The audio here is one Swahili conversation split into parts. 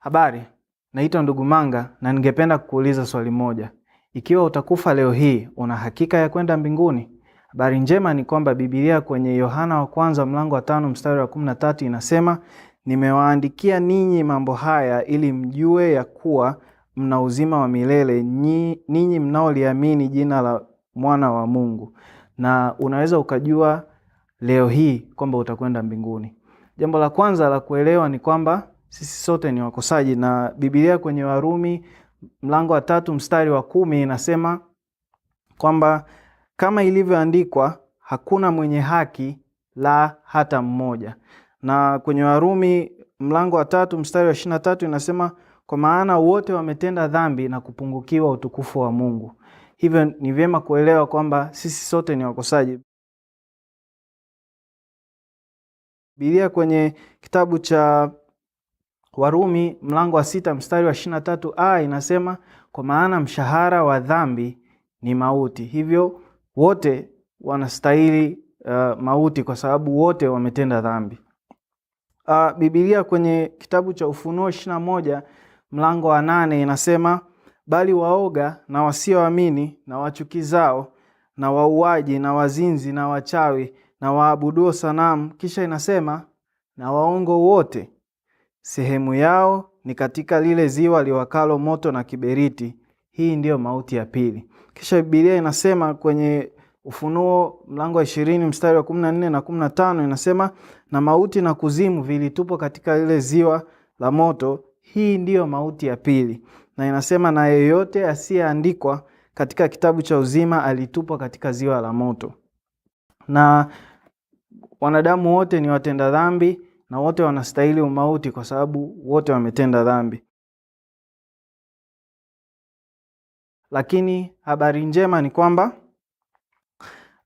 Habari, naitwa ndugu Manga na ningependa kukuuliza swali moja. Ikiwa utakufa leo hii, una hakika ya kwenda mbinguni? Habari njema ni kwamba Biblia kwenye Yohana wa kwanza mlango wa tano mstari wa kumi na tatu inasema, nimewaandikia ninyi mambo haya ili mjue ya kuwa mna uzima wa milele ninyi mnaoliamini jina la mwana wa Mungu. Na unaweza ukajua leo hii kwamba utakwenda mbinguni. Jambo la kwanza la kuelewa ni kwamba sisi sote ni wakosaji, na Biblia kwenye Warumi mlango wa tatu mstari wa kumi inasema kwamba kama ilivyoandikwa, hakuna mwenye haki la hata mmoja. Na kwenye Warumi mlango wa tatu mstari wa ishirini na tatu inasema kwa maana wote wametenda dhambi na kupungukiwa utukufu wa Mungu. Hivyo ni vyema kuelewa kwamba sisi sote ni wakosaji. Biblia kwenye kitabu cha Warumi mlango wa sita mstari wa tatu a inasema, kwa maana mshahara wa dhambi ni mauti, hivyo wote wanastahili uh, mauti kwa sababu wote wametenda dhambi. Uh, Biblia kwenye kitabu cha Ufunuo moja mlango wa nane inasema, bali waoga na wasioamini na wachukizao na wauaji na wazinzi na wachawi na waabuduo sanamu, kisha inasema na waongo wote sehemu yao ni katika lile ziwa liwakalo moto na kiberiti. Hii ndiyo mauti ya pili. Kisha Biblia inasema kwenye Ufunuo mlango wa ishirini mstari wa kumi na nne na kumi na tano inasema, na mauti na kuzimu vilitupwa katika lile ziwa la moto. Hii ndiyo mauti ya pili. Na inasema na yeyote asiyeandikwa katika kitabu cha uzima alitupwa katika ziwa la moto. Na wanadamu wote ni watenda dhambi na wote wanastahili umauti kwa sababu wote wametenda dhambi. Lakini habari njema ni kwamba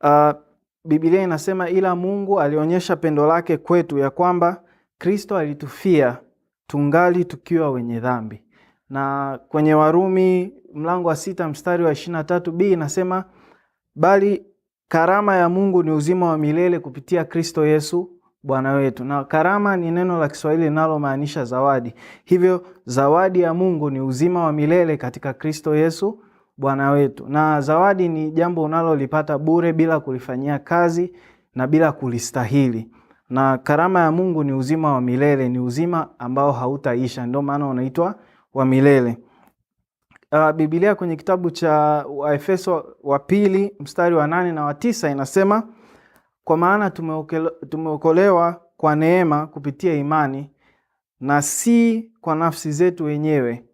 uh, Biblia inasema ila Mungu alionyesha pendo lake kwetu ya kwamba Kristo alitufia tungali tukiwa wenye dhambi. Na kwenye Warumi mlango wa sita mstari wa ishirini na tatu b inasema bali karama ya Mungu ni uzima wa milele kupitia Kristo Yesu Bwana wetu. Na karama ni neno la Kiswahili linalomaanisha zawadi. Hivyo zawadi ya Mungu ni uzima wa milele katika Kristo Yesu Bwana wetu. Na zawadi ni jambo unalolipata bure bila kulifanyia kazi na bila kulistahili. Na karama ya Mungu ni uzima wa milele, ni uzima ambao hautaisha, ndio maana unaitwa wa milele. Uh, Biblia kwenye kitabu cha Waefeso wa pili mstari wa nane na wa tisa inasema kwa maana tumeokolewa kwa neema kupitia imani na si kwa nafsi zetu wenyewe,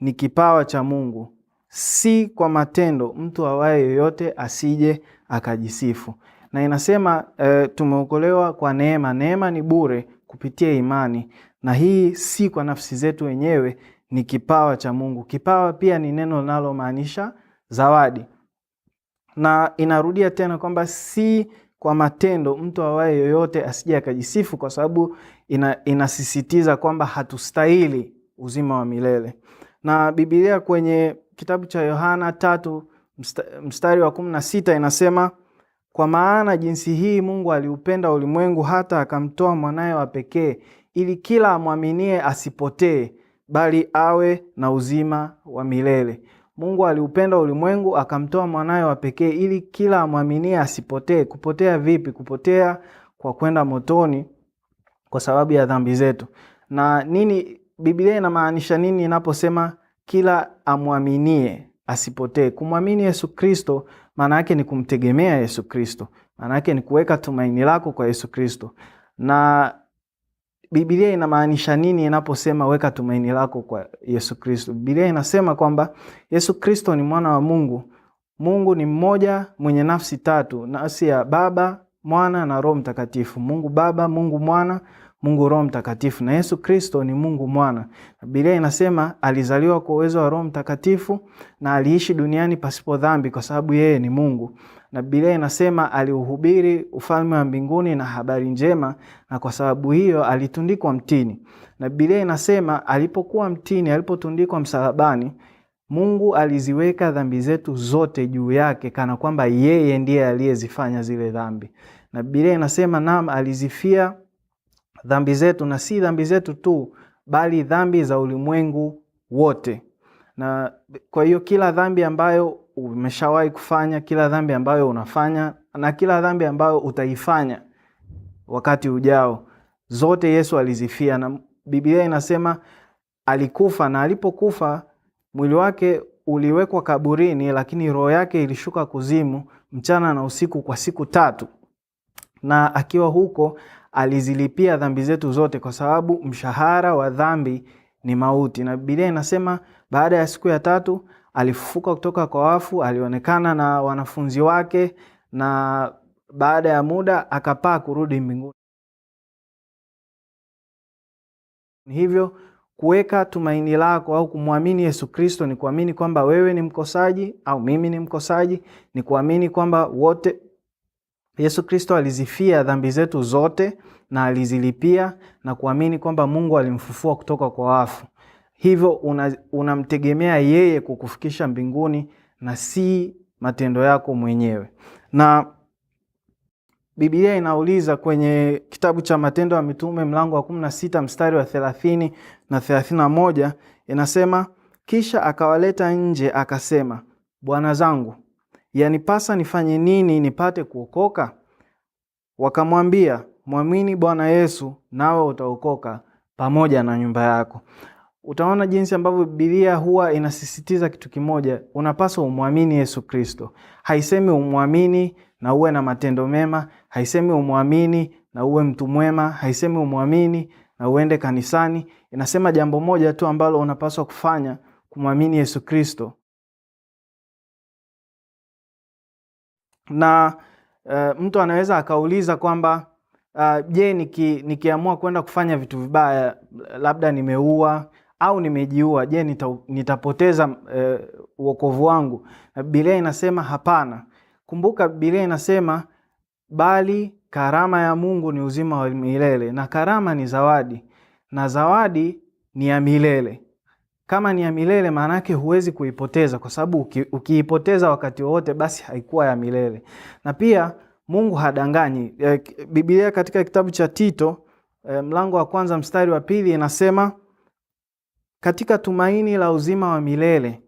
ni kipawa cha Mungu, si kwa matendo, mtu awaye yoyote asije akajisifu. Na inasema e, tumeokolewa kwa neema. Neema ni bure kupitia imani, na hii si kwa nafsi zetu wenyewe, ni kipawa cha Mungu. Kipawa pia ni neno linalomaanisha zawadi, na inarudia tena kwamba si kwa matendo mtu awaye yoyote asije akajisifu, kwa sababu ina, inasisitiza kwamba hatustahili uzima wa milele. Na Biblia kwenye kitabu cha Yohana tatu mstari wa kumi na sita inasema kwa maana jinsi hii Mungu aliupenda ulimwengu hata akamtoa mwanaye wa pekee, ili kila amwaminie asipotee, bali awe na uzima wa milele. Mungu aliupenda ulimwengu akamtoa mwanaye wa pekee ili kila amwaminie asipotee. Kupotea vipi? Kupotea kwa kwenda motoni kwa sababu ya dhambi zetu. Na nini Biblia inamaanisha nini inaposema kila amwaminie asipotee? Kumwamini Yesu Kristo maana yake ni kumtegemea Yesu Kristo, maana yake ni kuweka tumaini lako kwa Yesu Kristo na Biblia inamaanisha nini inaposema weka tumaini lako kwa Yesu Kristo? Biblia inasema kwamba Yesu Kristo ni mwana wa Mungu. Mungu ni mmoja mwenye nafsi tatu, nafsi ya Baba, Mwana na Roho Mtakatifu. Mungu Baba, Mungu Mwana Mungu Roho Mtakatifu, na Yesu Kristo ni Mungu Mwana. Biblia inasema alizaliwa kwa uwezo wa Roho Mtakatifu na aliishi duniani pasipo dhambi, kwa sababu yeye ni Mungu. Na Biblia inasema aliuhubiri ufalme wa mbinguni na habari njema, na kwa sababu hiyo alitundikwa mtini. Na Biblia inasema alipokuwa mtini, alipotundikwa msalabani Mungu aliziweka dhambi zetu zote juu yake, kana kwamba yeye ndiye aliyezifanya zile dhambi. Na Biblia inasema naam, alizifia dhambi zetu, na si dhambi zetu tu, bali dhambi za ulimwengu wote. Na kwa hiyo kila dhambi ambayo umeshawahi kufanya, kila dhambi ambayo unafanya, na kila dhambi ambayo utaifanya wakati ujao, zote Yesu alizifia, na Biblia inasema alikufa, na alipokufa mwili wake uliwekwa kaburini, lakini roho yake ilishuka kuzimu mchana na usiku kwa siku tatu, na akiwa huko alizilipia dhambi zetu zote, kwa sababu mshahara wa dhambi ni mauti. Na Biblia inasema baada ya siku ya tatu alifufuka kutoka kwa wafu, alionekana na wanafunzi wake, na baada ya muda akapaa kurudi mbinguni. Hivyo kuweka tumaini lako au kumwamini Yesu Kristo ni kuamini kwamba wewe ni mkosaji au mimi ni mkosaji, ni kuamini kwamba wote Yesu Kristo alizifia dhambi zetu zote na alizilipia na kuamini kwamba Mungu alimfufua kutoka kwa wafu. Hivyo unamtegemea una yeye kukufikisha mbinguni na si matendo yako mwenyewe. Na Biblia inauliza kwenye kitabu cha Matendo ya Mitume mlango wa 16 mstari wa 30 na moja inasema kisha akawaleta nje akasema, Bwana zangu yanipasa nifanye nini nipate kuokoka? Wakamwambia, mwamini Bwana Yesu nawe utaokoka pamoja na nyumba yako. Utaona jinsi ambavyo Biblia huwa inasisitiza kitu kimoja, unapaswa umwamini Yesu Kristo. Haisemi umwamini na uwe na matendo mema, haisemi umwamini na uwe mtu mwema, haisemi umwamini na uende kanisani. Inasema jambo moja tu ambalo unapaswa kufanya, kumwamini Yesu Kristo na uh, mtu anaweza akauliza kwamba uh, je, niki, nikiamua kwenda kufanya vitu vibaya, labda nimeua au nimejiua, je, nita, nitapoteza uh, eh, uokovu wangu? Biblia inasema hapana. Kumbuka Biblia inasema bali karama ya Mungu ni uzima wa milele, na karama ni zawadi, na zawadi ni ya milele. Kama ni ya milele, maana yake huwezi kuipoteza, kwa sababu uki, ukiipoteza wakati wowote, basi haikuwa ya milele. Na pia Mungu hadanganyi. Eh, Biblia katika kitabu cha Tito eh, mlango wa kwanza mstari wa pili inasema katika tumaini la uzima wa milele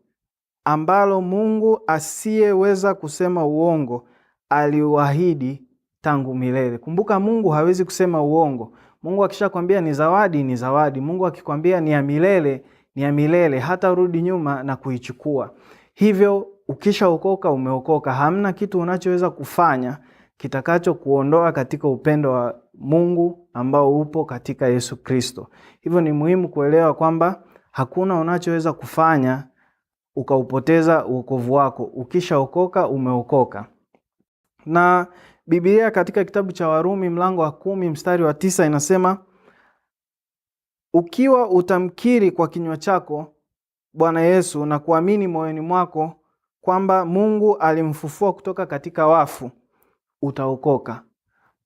ambalo Mungu asiyeweza kusema uongo aliuahidi tangu milele. Kumbuka, Mungu hawezi kusema uongo. Mungu akishakwambia ni zawadi, ni zawadi. Mungu akikwambia ni ya milele ni ya milele, rudi nyuma na kuichukua. Hivyo ukishaokoka umeokoka, hamna kitu unachoweza kufanya kitakachokuondoa katika upendo wa Mungu ambao upo katika Yesu Kristo. Hivyo ni muhimu kuelewa kwamba hakuna unachoweza kufanya ukaupoteza uokovu wako. Ukishaokoka umeokoka. Na Biblia katika kitabu cha Warumi mlango wa kumi mstari wa tisa inasema ukiwa utamkiri kwa kinywa chako Bwana Yesu na kuamini moyoni mwako kwamba Mungu alimfufua kutoka katika wafu, utaokoka.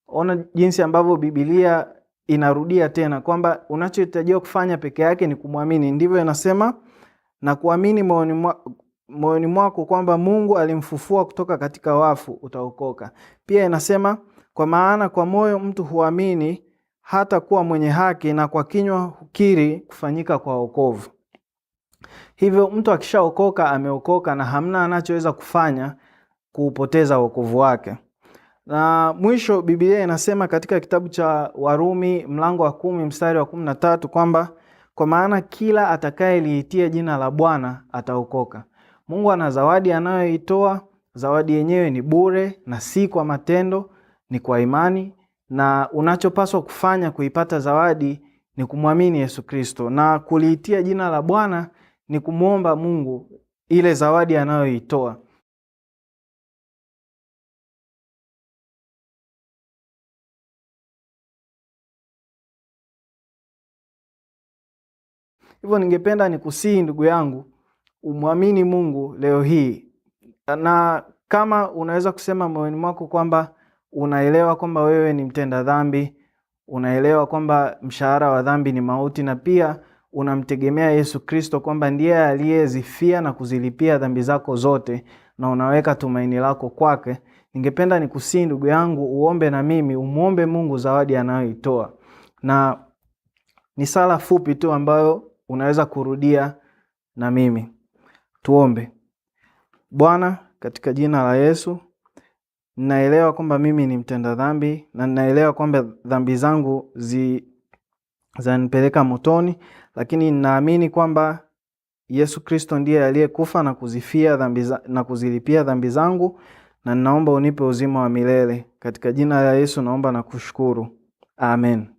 Ona jinsi ambavyo Biblia inarudia tena kwamba unachohitajiwa kufanya peke yake ni kumwamini. Ndivyo inasema na kuamini moyoni mwako moyoni mwako kwamba Mungu alimfufua kutoka katika wafu utaokoka. Pia inasema kwa maana kwa moyo mtu huamini hata kuwa mwenye haki na kwa kinywa hukiri kufanyika kwa wokovu. Hivyo mtu akishaokoka ameokoka, na hamna anachoweza kufanya kuupoteza wokovu wake. Na mwisho Biblia inasema katika kitabu cha Warumi mlango wa kumi mstari wa kumi na tatu kwamba kwa maana kila atakayeliitia jina la Bwana ataokoka. Mungu ana zawadi anayoitoa, zawadi yenyewe ni bure na si kwa matendo, ni kwa imani na unachopaswa kufanya kuipata zawadi ni kumwamini Yesu Kristo, na kuliitia jina la Bwana ni kumwomba Mungu ile zawadi anayoitoa. Hivyo ningependa nikusihi ndugu yangu, umwamini Mungu leo hii, na kama unaweza kusema moyoni mwako kwamba unaelewa kwamba wewe ni mtenda dhambi, unaelewa kwamba mshahara wa dhambi ni mauti, na pia unamtegemea Yesu Kristo kwamba ndiye aliyezifia na kuzilipia dhambi zako zote, na unaweka tumaini lako kwake. Ningependa nikusii ndugu yangu, uombe na mimi, umwombe Mungu zawadi anayoitoa, na ni sala fupi tu ambayo unaweza kurudia na mimi. Tuombe. Bwana, katika jina la Yesu Ninaelewa kwamba mimi ni mtenda dhambi na ninaelewa kwamba dhambi zangu zi zanipeleka motoni, lakini ninaamini kwamba Yesu Kristo ndiye aliyekufa na kuzifia dhambi na kuzilipia dhambi zangu na ninaomba unipe uzima wa milele katika jina la Yesu naomba na kushukuru. Amen.